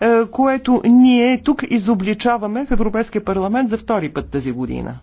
Е, което ние тук изобличаваме в Европейския парламент за втори път тази година.